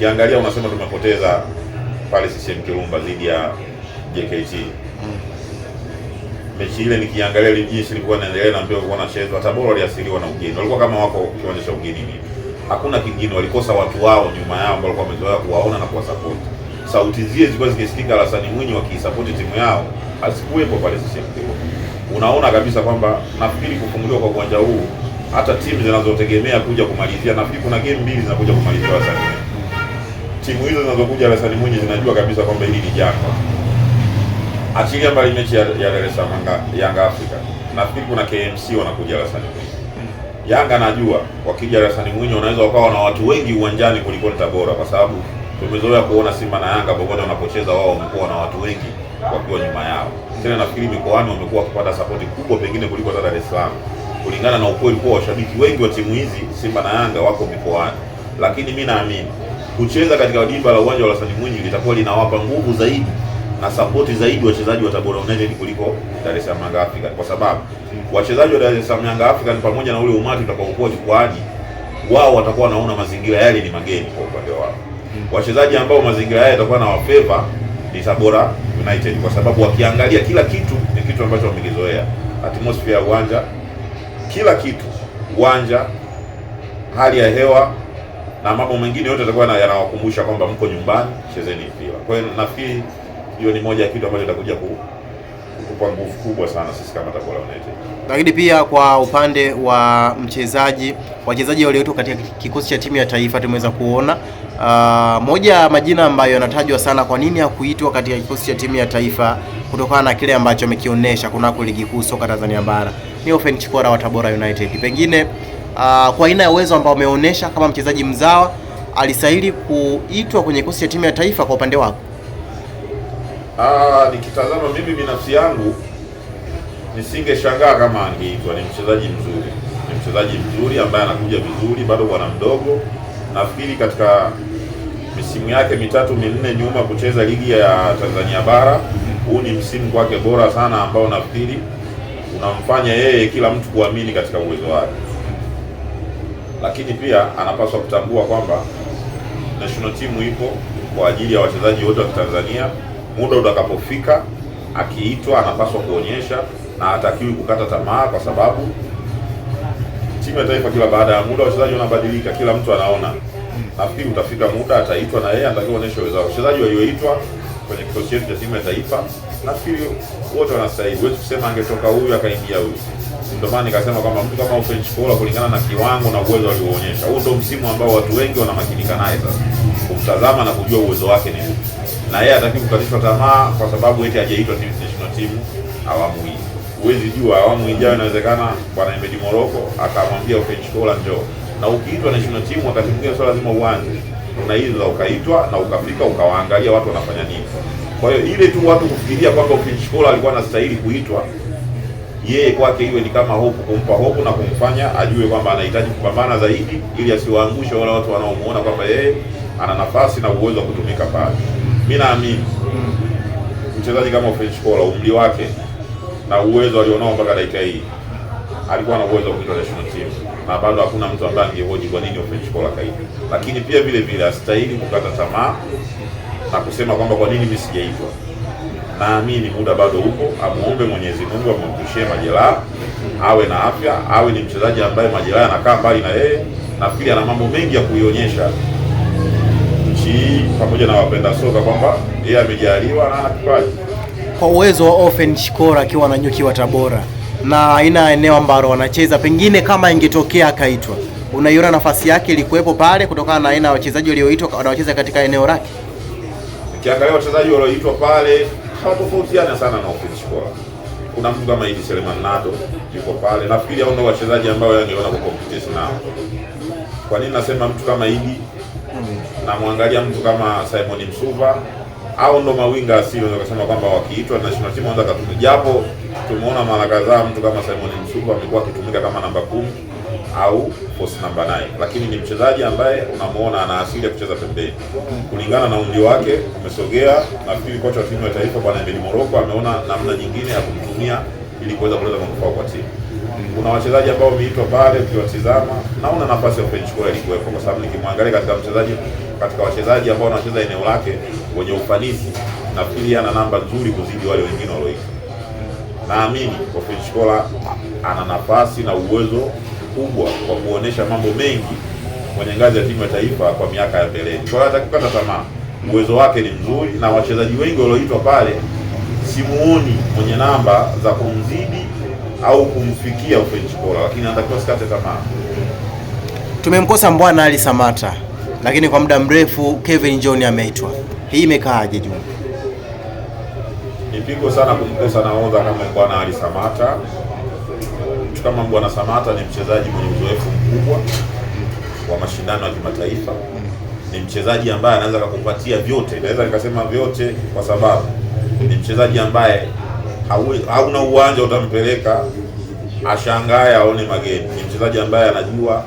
ukiangalia unasema tumepoteza pale CCM Kirumba dhidi ya JKT mechi ile nikiangalia ile jinsi ilikuwa inaendelea na mpira ulikuwa unachezwa, Tabora waliasiliwa na ugeni, walikuwa kama wako kiwanja cha ugeni nini, hakuna kingine, walikosa watu wao nyuma yao ambao walikuwa wamezoea kuwaona na kuwasupport. Sauti zile zilikuwa zikisikika Hassan Mwinyi wakiisupport timu yao, asikuwepo pale sisi. Unaona kabisa kwamba nafikiri kufunguliwa kwa uwanja huu hata timu zinazotegemea kuja kumalizia, nafikiri kuna game mbili zinakuja kumalizia Hassan timu hizo zinazokuja Alasani Mwinyi zinajua kabisa kwamba hili ni janga. Achilia mbali mechi ya, ya Dar es Salaam Yanga Africa, nafikiri kuna KMC wanakuja Alasani Mwinyi. Yanga najua wakija Alasani Mwinyi wanaweza wakawa na watu wengi uwanjani kuliko Tabora, kwa sababu tumezoea kuona Simba na Yanga popote wanapocheza wao wamekuwa na watu wengi wakiwa nyuma yao. Tena nafikiri mikoani wamekuwa wakipata sapoti kubwa pengine kuliko hata Dar es Salaam, kulingana na ukweli kuwa washabiki wengi wa timu hizi Simba na Yanga wako mikoani, lakini mi naamini kucheza katika dimba la uwanja wa Hassan Mwinyi litakuwa linawapa nguvu zaidi na sapoti zaidi wachezaji wa Tabora United kuliko Dar es Salaam Young Africans, kwa sababu wachezaji wa Dar es Salaam Young Africans pamoja na ule umati utakaokuwa jukwaani, wao watakuwa wanaona mazingira yale ni mageni kwa upande wao. Wachezaji ambao mazingira yale yatakuwa na wafeva ni Tabora United, kwa sababu wakiangalia kila kitu ni kitu ambacho wamekizoea, atmosphere ya uwanja, kila kitu, uwanja, hali ya hewa na mambo mengine yote yatakuwa yanawakumbusha kwamba mko nyumbani, chezeni mpira. Kwa hiyo nafikiri hiyo ni moja ya kitu ambacho itakuja ku kwa nguvu kubwa sana sisi kama Tabora United. Lakini pia kwa upande wa mchezaji, wachezaji waliotoka katika kikosi cha timu ya taifa tumeweza kuona uh, moja ya majina ambayo yanatajwa sana, kwa nini hakuitwa katika kikosi cha timu ya taifa kutokana na kile ambacho amekionyesha kunako ligi kuu soka Tanzania bara ni Ofen Chikora wa Tabora United. Pengine uh, kwa aina ya uwezo ambao ameonyesha kama mchezaji mzawa alistahili kuitwa kwenye kikosi cha timu ya taifa. Kwa upande wako? Ah, nikitazama mimi binafsi yangu nisingeshangaa kama angeitwa. Ni mchezaji mzuri, ni mchezaji mzuri ambaye anakuja vizuri, bado bwana mdogo. Nafikiri katika misimu yake mitatu minne nyuma kucheza ligi ya Tanzania bara, huu ni msimu kwake bora sana, ambao nafikiri unamfanya yeye kila mtu kuamini katika uwezo wake lakini pia anapaswa kutambua kwamba national team ipo kwa ajili ya wachezaji wote wa Tanzania. Muda utakapofika akiitwa, anapaswa kuonyesha na hatakiwi kukata tamaa, kwa sababu timu ya taifa kila baada ya muda wachezaji wanabadilika, kila mtu anaona. Nafikiri utafika muda ataitwa na yeye, anatakiwa onyesha uwezo. Wachezaji walioitwa kwenye kikosi chetu cha timu ya taifa nafikiri wote wanastahili, huwezi kusema angetoka huyu akaingia huyu. Ndio maana nikasema kwamba mtu kama French Fowler kulingana na kiwango na uwezo alioonyesha, huu ndio msimu ambao watu wengi wanamakinika naye sasa, kumtazama na kujua uwezo wake ni upi, na yeye hataki kukatishwa tamaa kwa sababu eti hajaitwa timu national team awamu hii. Huwezi jua awamu ijayo inawezekana bwana Emedi Moroko akamwambia French Fowler njoo, na ukiitwa national team wakati mwingine sio lazima uanze, unaweza ukaitwa na ukafika ukawaangalia watu wanafanya nini. Kwa hiyo ile tu watu kufikiria kwamba Okichikola alikuwa anastahili kuitwa, yeye kwake iwe ni kama hofu, kumpa hofu na kumfanya ajue kwamba anahitaji kupambana zaidi, ili asiwaangushe wale watu wanaomuona kwamba yeye ana nafasi na uwezo wa kutumika pale. Mimi naamini mchezaji kama Okichikola, umri wake na uwezo alionao mpaka dakika hii, alikuwa na uwezo wa kuitwa national team na bado hakuna mtu ambaye angehoji kwa nini Okichikola kaitwa. Lakini pia vile vile astahili kukata tamaa na kusema kwamba kwa nini mimi sijaitwa. Naamini muda bado upo, amuombe Mwenyezi Mungu amwondoshee majeraha, awe na afya, awe ni mchezaji ambaye majeraha yanakaa mbali na yeye. Nafikiri ana mambo mengi ya kuionyesha nchi hii pamoja na wapenda soka kwamba yeye amejaliwa na kipaji kwa uwezo wa Ofen Shikora akiwa na nyuki wa Tabora na aina eneo ambalo wanacheza, pengine kama ingetokea akaitwa, unaiona nafasi yake ilikuwepo pale kutokana na aina ya wachezaji walioitwa wanaocheza katika eneo lake. Ukiangalia wachezaji walioitwa pale hawatofautiana sana na offense bora. Kuna mtu kama Idi Seleman Nato yuko pale, nafikiri hao ndio wachezaji ambao yani wana competition nao. Kwa nini nasema mtu kama Idi? Namwangalia mtu kama Simon Msuva au ndo mawinga asili unaweza kusema kwamba wakiitwa national team wanaweza kutumika, japo tumeona mara kadhaa mtu kama Simon Msuva amekuwa akitumika kama namba kumi au post namba 9, lakini ni mchezaji ambaye unamuona ana asili ya kucheza pembeni kulingana na umri wake umesogea. Nafikiri kocha wa timu ya taifa bwana Emeli Moroko ameona namna nyingine ya kumtumia ili kuweza kuleta manufaa kwa timu. Kuna wachezaji ambao wameitwa pale, ukiwatizama naona nafasi ya bench Kole ilikuwepo, kwa sababu nikimwangalia katika mchezaji katika wachezaji ambao wanacheza eneo lake wenye ufanisi, nafikiri ana namba nzuri kuzidi wale wengine walioitwa. Naamini kwa French ana nafasi na uwezo mkubwa wa kuonesha mambo mengi kwenye ngazi ya timu ya taifa kwa miaka ya mbeleni. Kwa hiyo kukata tamaa, uwezo wake ni mzuri na wachezaji wengi walioitwa pale simuoni mwenye namba za kumzidi au kumfikia ufenchi bora, lakini anatakiwa sikate tamaa. Tumemkosa Mbwana Ali Samata, lakini kwa muda mrefu Kevin John ameitwa. Hii imekaaje Juma? Ni pigo sana kumkosa naodha kama Mbwana Ali Samata mtu kama Bwana Samata ni mchezaji mwenye uzoefu mkubwa wa mashindano ya kimataifa, ni mchezaji ambaye anaweza kukupatia vyote, naweza nikasema vyote, kwa sababu ni mchezaji ambaye hauna uwanja utampeleka ashangae aone mageni. Ni mchezaji ambaye anajua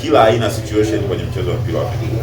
kila aina situation kwenye mchezo wa mpira wa miguu.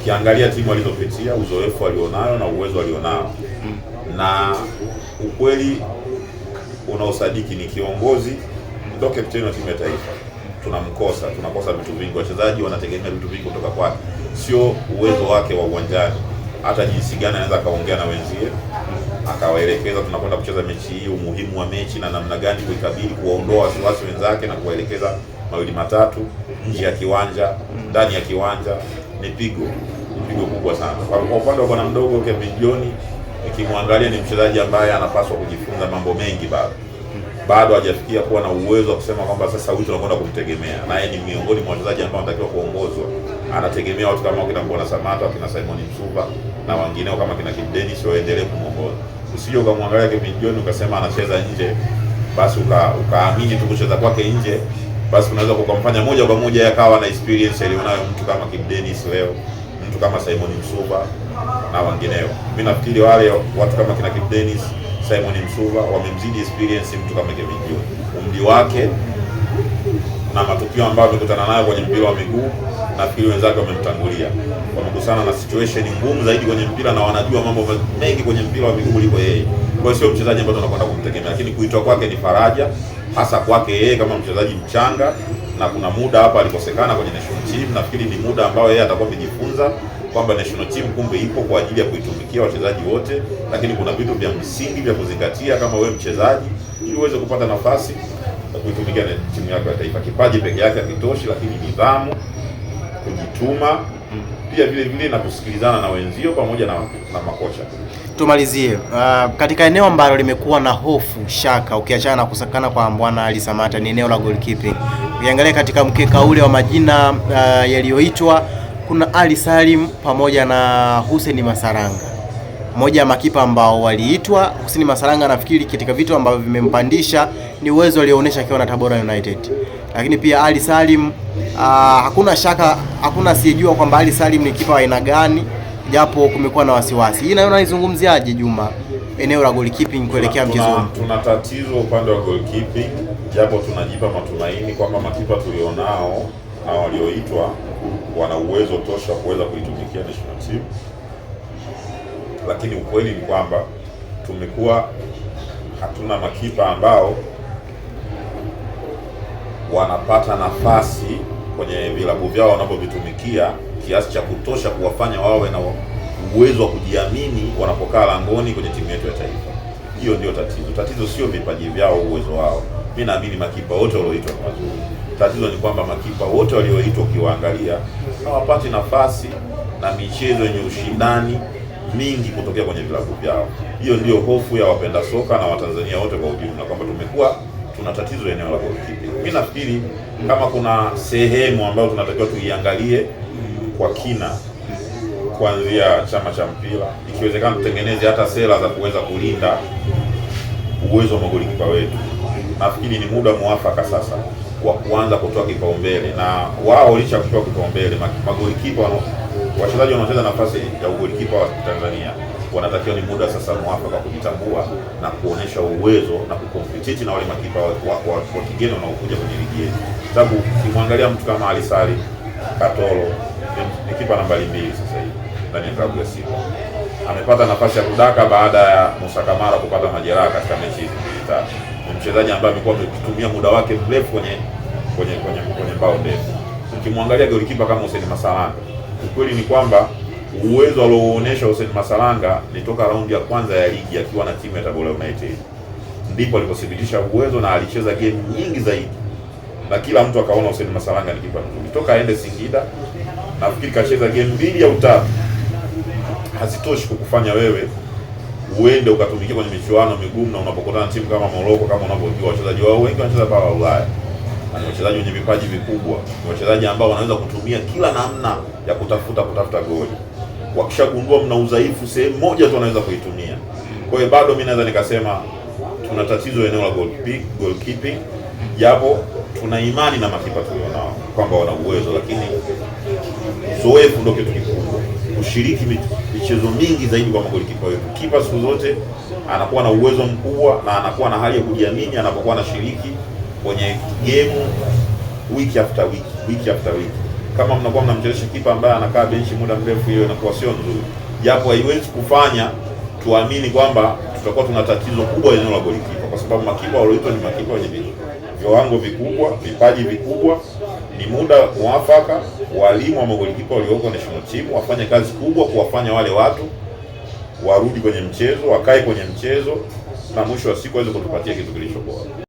Ukiangalia timu alizopitia, uzoefu alionayo na uwezo alionao, na ukweli unaosadiki ni kiongozi ndo captain wa timu ya taifa. Tunamkosa, tunakosa vitu vingi, wachezaji wanategemea vitu vingi kutoka kwake, sio uwezo wake wa uwanjani, hata jinsi gani anaweza akaongea na wenzie akawaelekeza tunakwenda kucheza mechi hii, umuhimu wa mechi na namna gani kuikabili, kuwaondoa wasiwasi wenzake na kuwaelekeza mawili matatu nje ya kiwanja, ndani ya kiwanja. Ni pigo, ni pigo kubwa sana kwa upande wa bwana mdogo Kevin John nikimwangalia ni mchezaji ambaye anapaswa kujifunza mambo mengi bado bado hajafikia kuwa na uwezo wa kusema kwamba sasa huyu tunakwenda kumtegemea, naye ni miongoni mwa wachezaji ambao anatakiwa kuongozwa. Anategemea watu kama wakina Mbona Samata, wakina Simon Msuva na wengineo kama kina Kim Dennis waendelee kumwongoza. Usije ukamwangalia Kevin John ukasema anacheza nje, basi uka, ukaamini tu kucheza kwake nje, basi unaweza kukamfanya moja kwa moja yakawa na experience aliyonayo mtu kama Kim Dennis leo watu kama Simon Msuva na wengineo. Mimi nafikiri wale watu kama kina Kip Dennis, Simon Msuva wamemzidi experience mtu kama Kevin Kiu, umri wake na matukio ambayo amekutana nayo kwenye mpira wa miguu. Nafikiri wenzake wamemtangulia, wamekusana na situation ngumu zaidi kwenye mpira na wanajua mambo mengi kwenye mpira wa miguu kuliko yeye. Kwa hiyo sio mchezaji ambaye tunakwenda kumtegemea, lakini kuitwa kwake ni faraja, hasa kwake yeye kama mchezaji mchanga na kuna muda hapa alikosekana kwenye national team. Nafikiri ni muda ambao yeye atakuwa amejifunza kwamba national team kumbe ipo kwa ajili ya kuitumikia wachezaji wote, lakini kuna vitu vya msingi vya kuzingatia kama wewe mchezaji, ili uweze kupata nafasi ya kuitumikia na timu yako ya taifa. Kipaji peke yake hakitoshi, lakini nidhamu, kujituma, pia vile vile na kusikilizana na wenzio pamoja na, na makocha. Tumalizie uh, katika eneo ambalo limekuwa na hofu shaka, ukiachana na kusakana kwa Mbwana Ali Samata, ni eneo la goalkeeping. Ukiangalia katika mkeka ule wa majina uh, yaliyoitwa, kuna Ali Salim pamoja na Hussein Masaranga, moja ya makipa ambao waliitwa. Hussein Masaranga, nafikiri katika vitu ambavyo vimempandisha ni uwezo alioonyesha akiwa na Tabora United, lakini pia Ali Salim uh, hakuna shaka, hakuna asiyejua kwamba Ali Salim ni kipa wa aina gani japo kumekuwa na wasiwasi. Hii nayo naizungumziaje, Juma, eneo la goalkeeping kuelekea mchezo Tuna, Tuna tatizo upande wa goalkeeping, japo tunajipa matumaini kwamba makipa tulionao na walioitwa wana uwezo tosha kuweza kuitumikia national team, lakini ukweli ni kwamba tumekuwa hatuna makipa ambao wanapata nafasi kwenye vilabu vyao wanapovitumikia kiasi cha kutosha kuwafanya wawe na uwezo wa kujiamini wanapokaa langoni kwenye timu yetu ya taifa. Hiyo ndio tatizo. Tatizo sio vipaji vyao, uwezo wao. Mi naamini makipa wote walioitwa ni wazuri. Tatizo ni kwamba makipa wote walioitwa ukiwaangalia hawapati nafasi na michezo yenye ushindani mingi kutokea kwenye vilabu vyao. Hiyo ndio hofu ya wapenda soka na Watanzania wote kwa ujumla, kwamba tumekuwa tuna tatizo eneo la goalkeeping. Mi nafikiri kama kuna sehemu ambayo tunatakiwa tuiangalie kwa kina, kuanzia chama cha mpira, ikiwezekana tutengeneze hata sera za kuweza kulinda uwezo wa magolikipa wetu. Nafikiri ni muda mwafaka sasa wa kuanza kutoa kipaumbele, na wao licha ya kutoa kipaumbele magolikipa wachezaji wanaocheza nafasi ya ugolikipa wa Tanzania wanatakiwa ni muda sasa mwafaka kujitambua na kuonesha uwezo na kukompetiti na wale makipa wa kigeni wanaokuja kwenye ligi yetu, sababu ukimwangalia mtu kama Alisari Katoro kipa nambari mbili sasa hivi ndani ya klabu ya Simba. Amepata nafasi ya kudaka baada ya Musa Kamara kupata majeraha katika mechi hizi mbili tatu. Ni mchezaji ambaye amekuwa ametumia muda wake mrefu kwenye kwenye kwenye kwenye mbao ndefu. Ukimwangalia golikipa kama Hussein Masalanga, ukweli ni kwamba uwezo alioonyesha Hussein Masalanga ni toka raundi ya kwanza ya ligi akiwa na timu ya Tabora United, ndipo alipothibitisha uwezo na alicheza game nyingi zaidi, na kila mtu akaona Hussein Masalanga ni kipa mzuri toka aende Singida nafikiri kacheza game mbili au tatu, hazitoshi kukufanya wewe uende ukatumikia kwenye michuano migumu, na unapokutana timu kama Morocco, kama unavyojua wachezaji wao wengi wanacheza pala Ulaya ni wachezaji wenye vipaji vikubwa, ni wachezaji ambao wanaweza kutumia kila namna ya kutafuta kutafuta goli. Wakishagundua mna udhaifu sehemu moja tu wanaweza kuitumia. Kwa hiyo bado mimi naweza nikasema tuna tatizo eneo la goalkeeping, japo tuna imani na makipa tulionao kwamba wana uwezo, lakini uzoefu ndio kitu kikubwa, kushiriki michezo mingi zaidi kwa magolikipa wetu. Kipa siku zote anakuwa na uwezo mkubwa na anakuwa na hali ya kujiamini anapokuwa anashiriki kwenye game week after week, week after week. Kama mnakuwa mnamchezesha kipa ambaye anakaa benchi muda mrefu, hiyo inakuwa sio nzuri, japo haiwezi kufanya tuamini kwamba tutakuwa tuna tatizo kubwa eneo la golikipa, kwa sababu makipa walioitwa ni makipa wenye viwango vikubwa, vipaji vikubwa, ni muda mwafaka walimu ama golikipa walioko national team wafanye kazi kubwa kuwafanya wale watu warudi kwenye mchezo, wakae kwenye mchezo na mwisho wa siku waweze kutupatia kitu kilicho bora.